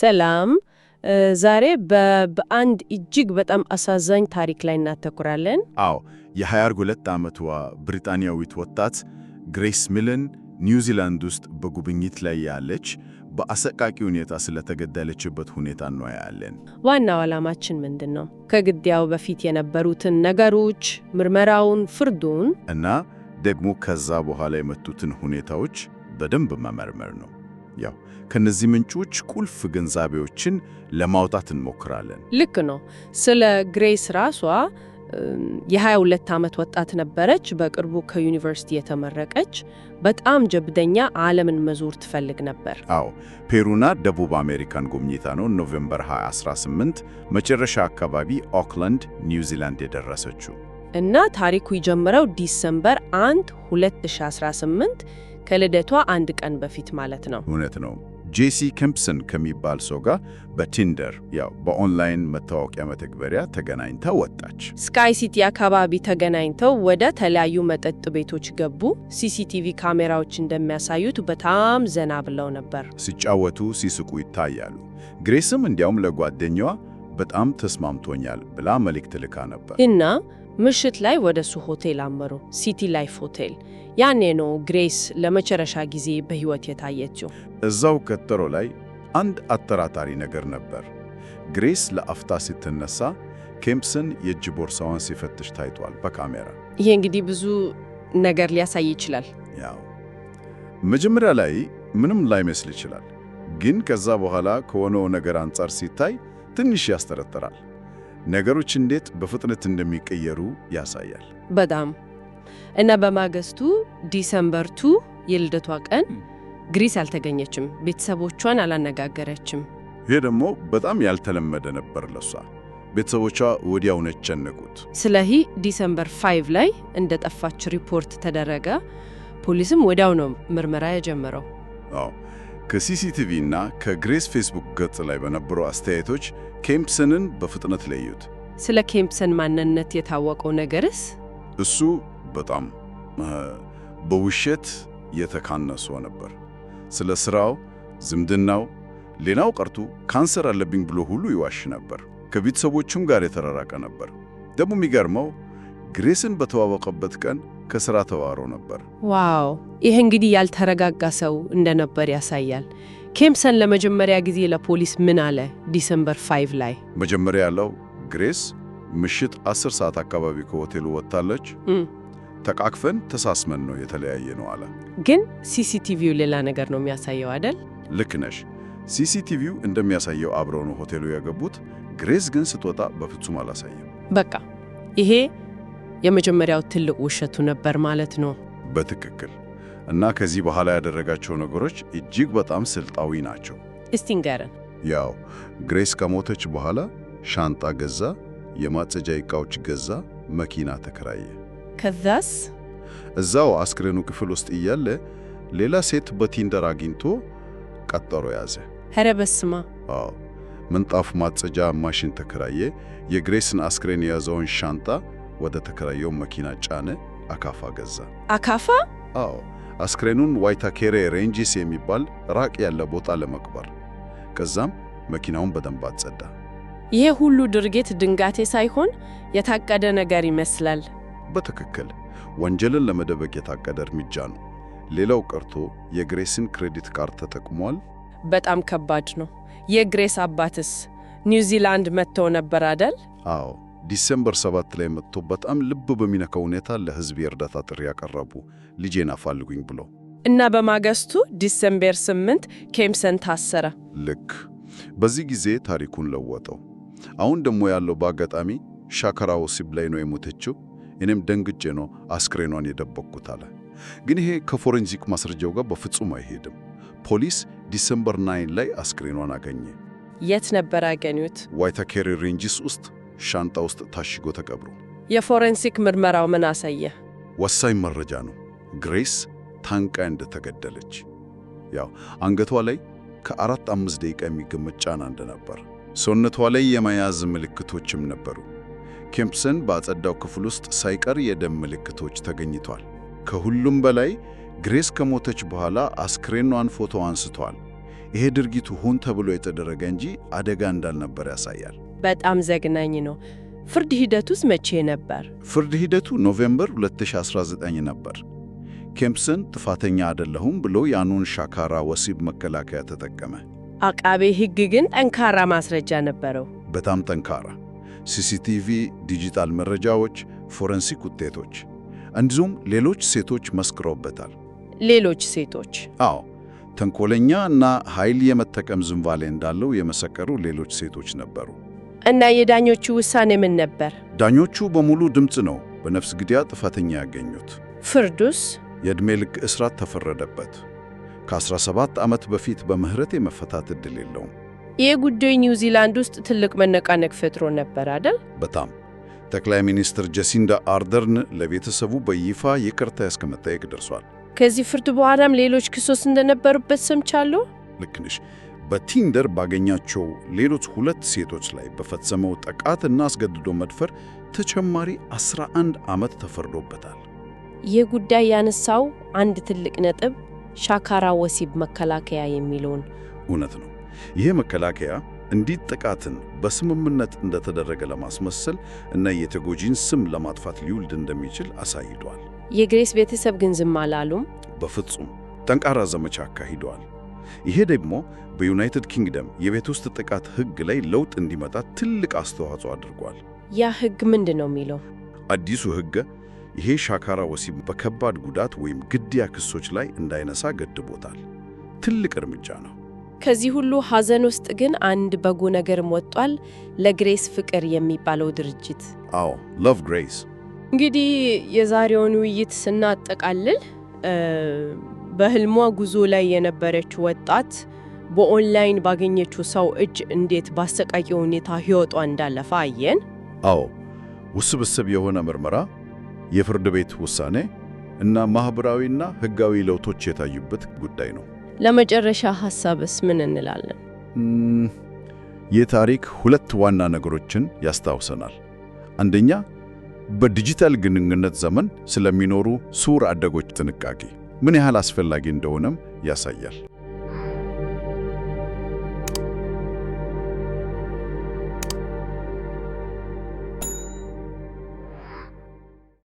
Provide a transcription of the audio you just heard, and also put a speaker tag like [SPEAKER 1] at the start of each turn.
[SPEAKER 1] ሰላም። ዛሬ በአንድ እጅግ በጣም አሳዛኝ ታሪክ ላይ እናተኩራለን።
[SPEAKER 2] አዎ የ22 ዓመቷ ብሪጣንያዊት ወጣት ግሬስ ሚለን ኒውዚላንድ ውስጥ በጉብኝት ላይ ያለች በአሰቃቂ ሁኔታ ስለተገደለችበት ሁኔታ እናያለን።
[SPEAKER 1] ዋናው ዓላማችን ምንድን ነው? ከግድያው በፊት የነበሩትን ነገሮች፣ ምርመራውን፣ ፍርዱን
[SPEAKER 2] እና ደግሞ ከዛ በኋላ የመጡትን ሁኔታዎች በደንብ መመርመር ነው። ያው ከነዚህ ምንጮች ቁልፍ ግንዛቤዎችን ለማውጣት እንሞክራለን።
[SPEAKER 1] ልክ ነው። ስለ ግሬስ ራሷ የ22 ዓመት ወጣት ነበረች። በቅርቡ ከዩኒቨርሲቲ የተመረቀች በጣም ጀብደኛ ዓለምን መዞር ትፈልግ ነበር።
[SPEAKER 2] አዎ ፔሩና ደቡብ አሜሪካን ጎብኝታ ነው ኖቬምበር 2018 መጨረሻ አካባቢ ኦክላንድ ኒውዚላንድ የደረሰችው
[SPEAKER 1] እና ታሪኩ የጀመረው ዲሰምበር 1 2018 ከልደቷ አንድ ቀን በፊት ማለት ነው።
[SPEAKER 2] እውነት ነው። ጄሲ ኬምፕሰን ከሚባል ሰው ጋር በቲንደር ያው በኦንላይን መታወቂያ መተግበሪያ ተገናኝታ ወጣች።
[SPEAKER 1] ስካይ ሲቲ አካባቢ ተገናኝተው ወደ ተለያዩ መጠጥ ቤቶች ገቡ። ሲሲቲቪ ካሜራዎች እንደሚያሳዩት በጣም ዘና ብለው ነበር።
[SPEAKER 2] ሲጫወቱ፣ ሲስቁ ይታያሉ። ግሬስም እንዲያውም ለጓደኛዋ በጣም ተስማምቶኛል ብላ መልእክት ልካ ነበር
[SPEAKER 1] እና ምሽት ላይ ወደሱ ሆቴል አመሩ፣ ሲቲ ላይፍ ሆቴል። ያኔ ነው ግሬስ ለመጨረሻ ጊዜ በሕይወት የታየችው።
[SPEAKER 2] እዛው ቀጠሮ ላይ አንድ አጠራጣሪ ነገር ነበር። ግሬስ ለአፍታ ስትነሳ ኬምፕሰን የእጅ ቦርሳዋን ሲፈትሽ ታይቷል በካሜራ።
[SPEAKER 1] ይሄ እንግዲህ ብዙ ነገር ሊያሳይ ይችላል።
[SPEAKER 2] ያው መጀመሪያ ላይ ምንም ላይመስል ይችላል፣ ግን ከዛ በኋላ ከሆነው ነገር አንጻር ሲታይ ትንሽ ያስጠረጥራል። ነገሮች እንዴት በፍጥነት እንደሚቀየሩ ያሳያል።
[SPEAKER 1] በጣም እና በማግስቱ ዲሰምበር ቱ የልደቷ ቀን ግሪስ አልተገኘችም፣ ቤተሰቦቿን አላነጋገረችም።
[SPEAKER 2] ይሄ ደግሞ በጣም ያልተለመደ ነበር ለሷ። ቤተሰቦቿ ወዲያው ነው የተጨነቁት።
[SPEAKER 1] ስለዚህ ዲሰምበር 5 ላይ እንደ ጠፋች ሪፖርት ተደረገ። ፖሊስም ወዲያው ነው ምርመራ የጀመረው።
[SPEAKER 2] አዎ ከሲሲቲቪ እና ከግሬስ ፌስቡክ ገጽ ላይ በነበሩ አስተያየቶች ኬምፕሰንን በፍጥነት ለዩት።
[SPEAKER 1] ስለ ኬምፕሰን ማንነት የታወቀው ነገርስ?
[SPEAKER 2] እሱ በጣም በውሸት የተካነሰ ነበር። ስለ ስራው፣ ዝምድናው፣ ሌላው ቀርቶ ካንሰር አለብኝ ብሎ ሁሉ ይዋሽ ነበር። ከቤተሰቦቹም ጋር የተራራቀ ነበር። ደግሞ የሚገርመው ግሬስን በተዋወቀበት ቀን ከስራ ተዋሮ ነበር።
[SPEAKER 1] ዋው! ይህ እንግዲህ ያልተረጋጋ ሰው እንደነበር ያሳያል። ኬምሰን ለመጀመሪያ ጊዜ ለፖሊስ ምን አለ? ዲሰምበር 5 ላይ
[SPEAKER 2] መጀመሪያ ያለው ግሬስ ምሽት 10 ሰዓት አካባቢ ከሆቴሉ ወጥታለች። ተቃቅፈን ተሳስመን ነው የተለያየ ነው አለ።
[SPEAKER 1] ግን ሲሲቲቪው ሌላ ነገር ነው የሚያሳየው አይደል?
[SPEAKER 2] ልክ ነሽ። ሲሲቲቪው እንደሚያሳየው አብረው ነው ሆቴሉ የገቡት። ግሬስ ግን ስትወጣ በፍጹም አላሳየም።
[SPEAKER 1] በቃ ይሄ የመጀመሪያው ትልቅ ውሸቱ ነበር ማለት ነው።
[SPEAKER 2] በትክክል እና ከዚህ በኋላ ያደረጋቸው ነገሮች እጅግ በጣም ስልጣዊ ናቸው። እስቲ ንገረን። ያው ግሬስ ከሞተች በኋላ ሻንጣ ገዛ፣ የማጸጃ ዕቃዎች ገዛ፣ መኪና ተከራየ። ከዛስ? እዛው አስክሬኑ ክፍል ውስጥ እያለ ሌላ ሴት በቲንደር አግኝቶ ቀጠሮ ያዘ። ኧረ አዎ ምንጣፍ ማጸጃ ማሽን ተከራየ። የግሬስን አስክሬን የያዘውን ሻንጣ ወደ ተከራየው መኪና ጫነ፣ አካፋ ገዛ። አካፋ? አዎ፣ አስክሬኑን ዋይታኬሬ ሬንጂስ የሚባል ራቅ ያለ ቦታ ለመቅበር። ከዛም መኪናውን በደንብ አጸዳ።
[SPEAKER 1] ይሄ ሁሉ ድርጊት ድንጋቴ ሳይሆን የታቀደ ነገር ይመስላል።
[SPEAKER 2] በትክክል ወንጀልን ለመደበቅ የታቀደ እርምጃ ነው። ሌላው ቀርቶ የግሬስን ክሬዲት ካርድ ተጠቅሟል።
[SPEAKER 1] በጣም ከባድ ነው። የግሬስ አባትስ ኒውዚላንድ መጥተው ነበር አደል?
[SPEAKER 2] አዎ ዲሴምበር 7 ላይ መጥቶ በጣም ልብ በሚነካ ሁኔታ ለህዝብ የእርዳታ ጥሪ ያቀረቡ ልጄን አፋልጉኝ ብሎ
[SPEAKER 1] እና በማግስቱ ዲሴምበር 8 ኬምሰን ታሰረ።
[SPEAKER 2] ልክ በዚህ ጊዜ ታሪኩን ለወጠው። አሁን ደግሞ ያለው በአጋጣሚ ሻከራ ወሲብ ላይ ነው የሞተችው፣ እኔም ደንግጬ ነው አስክሬኗን የደበቅኩት አለ። ግን ይሄ ከፎረንዚክ ማስረጃው ጋር በፍጹም አይሄድም። ፖሊስ ዲሴምበር 9 ላይ አስክሬኗን አገኘ።
[SPEAKER 1] የት ነበር ያገኙት?
[SPEAKER 2] ዋይታኬሪ ሬንጅስ ውስጥ ሻንጣ ውስጥ ታሽጎ ተቀብሮ።
[SPEAKER 1] የፎረንሲክ ምርመራው ምን አሳየ?
[SPEAKER 2] ወሳኝ መረጃ ነው። ግሬስ ታንቃ እንደተገደለች፣ ያው አንገቷ ላይ ከአራት አምስት ደቂቃ የሚገመት ጫና እንደነበር፣ ሰውነቷ ላይ የመያዝ ምልክቶችም ነበሩ። ኬምፕሰን በአጸዳው ክፍል ውስጥ ሳይቀር የደም ምልክቶች ተገኝቷል። ከሁሉም በላይ ግሬስ ከሞተች በኋላ አስክሬኗን ፎቶ አንስቷል። ይሄ ድርጊቱ ሆን ተብሎ የተደረገ እንጂ አደጋ እንዳልነበር ያሳያል።
[SPEAKER 1] በጣም ዘግናኝ ነው። ፍርድ ሂደቱስ መቼ ነበር?
[SPEAKER 2] ፍርድ ሂደቱ ኖቬምበር 2019 ነበር። ኬምፕሰን ጥፋተኛ አይደለሁም ብሎ ያኑን ሻካራ ወሲብ መከላከያ ተጠቀመ።
[SPEAKER 1] አቃቤ ሕግ ግን ጠንካራ ማስረጃ ነበረው።
[SPEAKER 2] በጣም ጠንካራ ሲሲቲቪ፣ ዲጂታል መረጃዎች፣ ፎረንሲክ ውጤቶች እንዲሁም ሌሎች ሴቶች መስክረውበታል።
[SPEAKER 1] ሌሎች ሴቶች?
[SPEAKER 2] አዎ ተንኮለኛ እና ኃይል የመጠቀም ዝንባሌ እንዳለው የመሰከሩ ሌሎች ሴቶች ነበሩ።
[SPEAKER 1] እና የዳኞቹ ውሳኔ ምን ነበር?
[SPEAKER 2] ዳኞቹ በሙሉ ድምፅ ነው በነፍስ ግድያ ጥፋተኛ ያገኙት። ፍርዱስ? የዕድሜ ልክ እስራት ተፈረደበት። ከ17 ዓመት በፊት በምህረት የመፈታት ዕድል የለውም።
[SPEAKER 1] ይህ ጉዳይ ኒውዚላንድ ውስጥ ትልቅ መነቃነቅ ፈጥሮ ነበር አደል?
[SPEAKER 2] በጣም ጠቅላይ ሚኒስትር ጀሲንዳ አርደርን ለቤተሰቡ በይፋ ይቅርታ እስከ ደርሷል።
[SPEAKER 1] ከዚህ ፍርድ በኋላም ሌሎች ክሶች እንደነበሩበት ሰምቻለሁ።
[SPEAKER 2] ልክ ነሽ። በቲንደር ባገኛቸው ሌሎች ሁለት ሴቶች ላይ በፈጸመው ጥቃትና አስገድዶ መድፈር ተጨማሪ 11 ዓመት ተፈርዶበታል።
[SPEAKER 1] ይህ ጉዳይ ያነሳው አንድ ትልቅ ነጥብ ሻካራ ወሲብ መከላከያ የሚለውን
[SPEAKER 2] እውነት ነው። ይህ መከላከያ እንዲህ ጥቃትን በስምምነት እንደተደረገ ለማስመሰል እና የተጎጂን ስም ለማጥፋት ሊውልድ እንደሚችል አሳይቷል።
[SPEAKER 1] የግሬስ ቤተሰብ ግን ዝም አላሉም።
[SPEAKER 2] በፍጹም ጠንካራ ዘመቻ አካሂደዋል። ይሄ ደግሞ በዩናይትድ ኪንግደም የቤት ውስጥ ጥቃት ሕግ ላይ ለውጥ እንዲመጣ ትልቅ አስተዋጽኦ አድርጓል።
[SPEAKER 1] ያ ሕግ ምንድን ነው የሚለው?
[SPEAKER 2] አዲሱ ሕግ ይሄ ሻካራ ወሲብ በከባድ ጉዳት ወይም ግድያ ክሶች ላይ እንዳይነሳ ገድቦታል። ትልቅ እርምጃ ነው።
[SPEAKER 1] ከዚህ ሁሉ ሐዘን ውስጥ ግን አንድ በጎ ነገርም ወጥቷል። ለግሬስ ፍቅር የሚባለው ድርጅት
[SPEAKER 2] አዎ፣ ሎቭ ግሬስ።
[SPEAKER 1] እንግዲህ የዛሬውን ውይይት ስናጠቃልል በህልሟ ጉዞ ላይ የነበረች ወጣት በኦንላይን ባገኘችው ሰው እጅ እንዴት ባሰቃቂ ሁኔታ ሕይወቷ እንዳለፈ አየን።
[SPEAKER 2] አዎ፣ ውስብስብ የሆነ ምርመራ፣ የፍርድ ቤት ውሳኔ እና ማኅበራዊና ሕጋዊ ለውጦች የታዩበት ጉዳይ ነው።
[SPEAKER 1] ለመጨረሻ ሐሳብስ ምን እንላለን?
[SPEAKER 2] ይህ ታሪክ ሁለት ዋና ነገሮችን ያስታውሰናል። አንደኛ በዲጂታል ግንኙነት ዘመን ስለሚኖሩ ሱር አደጎች ጥንቃቄ ምን ያህል አስፈላጊ እንደሆነም ያሳያል።